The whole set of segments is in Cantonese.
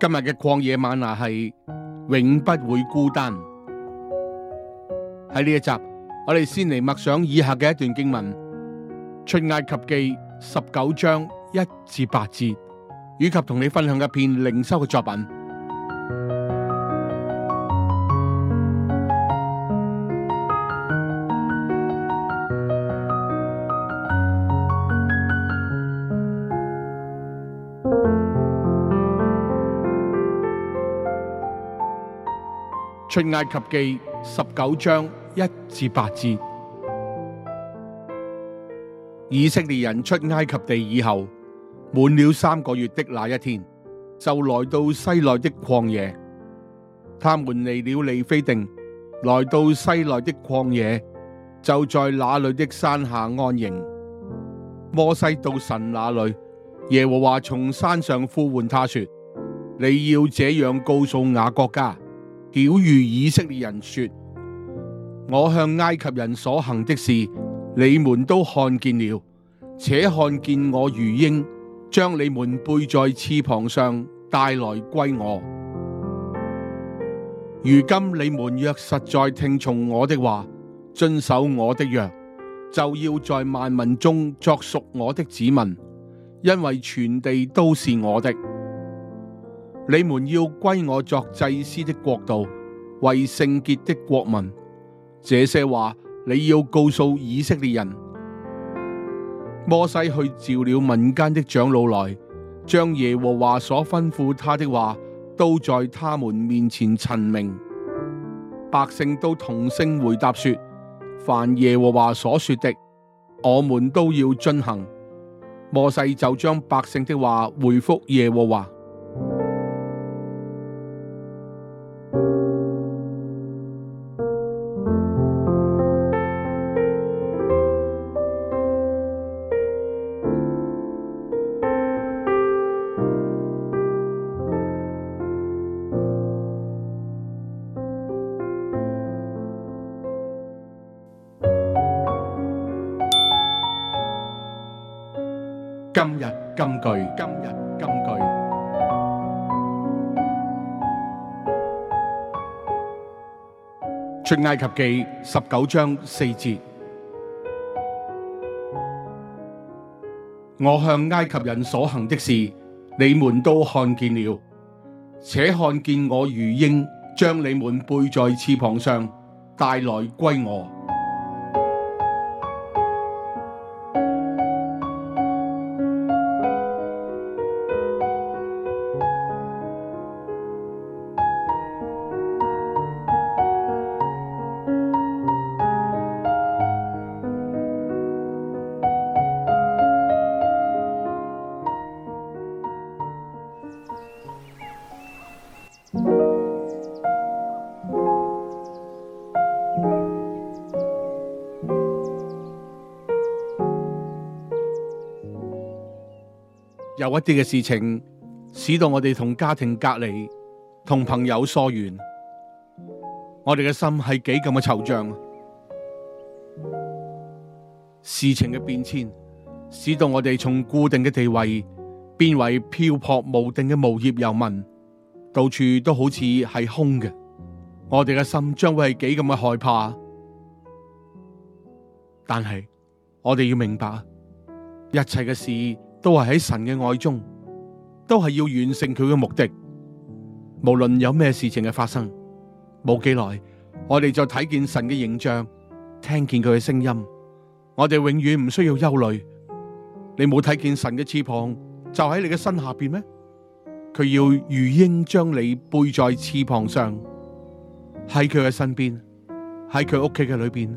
今日嘅曠野嗎哪係永不會孤單。喺呢一集，我哋先嚟默想以下嘅一段經文《出埃及記》十九章一至八節，以及同你分享一篇靈修嘅作品。出埃及記十九章一至八節，以色列人出埃及地以後，滿了三個月的那一天，就來到西奈的曠野。他們離了利非定，來到西奈的曠野，就在那裡的山下安營。摩西到神那裡，耶和華從山上呼喚他說：你要這樣告訴雅各家。曉諭以色列人說：我向埃及人所行的事，你們都看見了，且看見我如鷹，將你們背在翅膀上，帶來歸我。如今你們若實在聽從我的話，遵守我的約，就要在萬民中作屬我的子民，因為全地都是我的。你們要歸我作祭司的國度，為聖潔的國民。這些話你要告訴以色列人。摩西去召了民間的長老來，將耶和華所吩咐他的話都在他們面前陳明。百姓都同聲回答說：凡耶和華所說的，我們都要遵行。摩西就將百姓的話回復耶和華。今日金句，今日金句。出埃及記十九章四節，我向埃及人所行的事，你們都看見了，且看見我如鷹將你們背在翅膀上，帶來歸我。有一啲嘅事情使到我哋同家庭隔離，同朋友疏遠，我哋嘅心係幾咁嘅惆悵啊！事情嘅變遷使到我哋從固定嘅地位變為漂泊無定嘅無業遊民，到處都好似係空嘅，我哋嘅心將會係幾咁嘅害怕。但係我哋要明白一切嘅事，都係喺神嘅愛中，都係要完成佢嘅目的。無論有咩事情嘅發生，冇幾耐，我哋就睇見神嘅形象，聽見佢嘅聲音。我哋永遠唔需要憂慮。你冇睇見神嘅翅膀就喺你嘅身下邊咩？佢要如鷹將你背在翅膀上，喺佢嘅身邊，喺佢屋企嘅裏邊，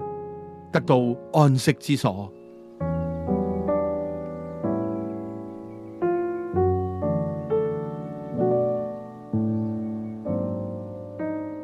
得到安息之所。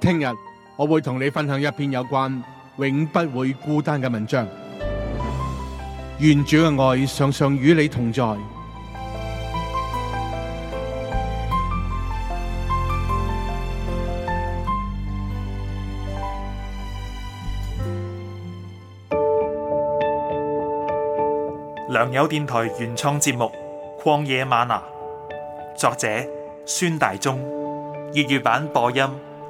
聽日我會同你分享一篇有關永不會孤單嘅文章。願主嘅愛常常與你同在。良友電台原創節目《曠野嗎哪》，作者孫大中，粵語版播音。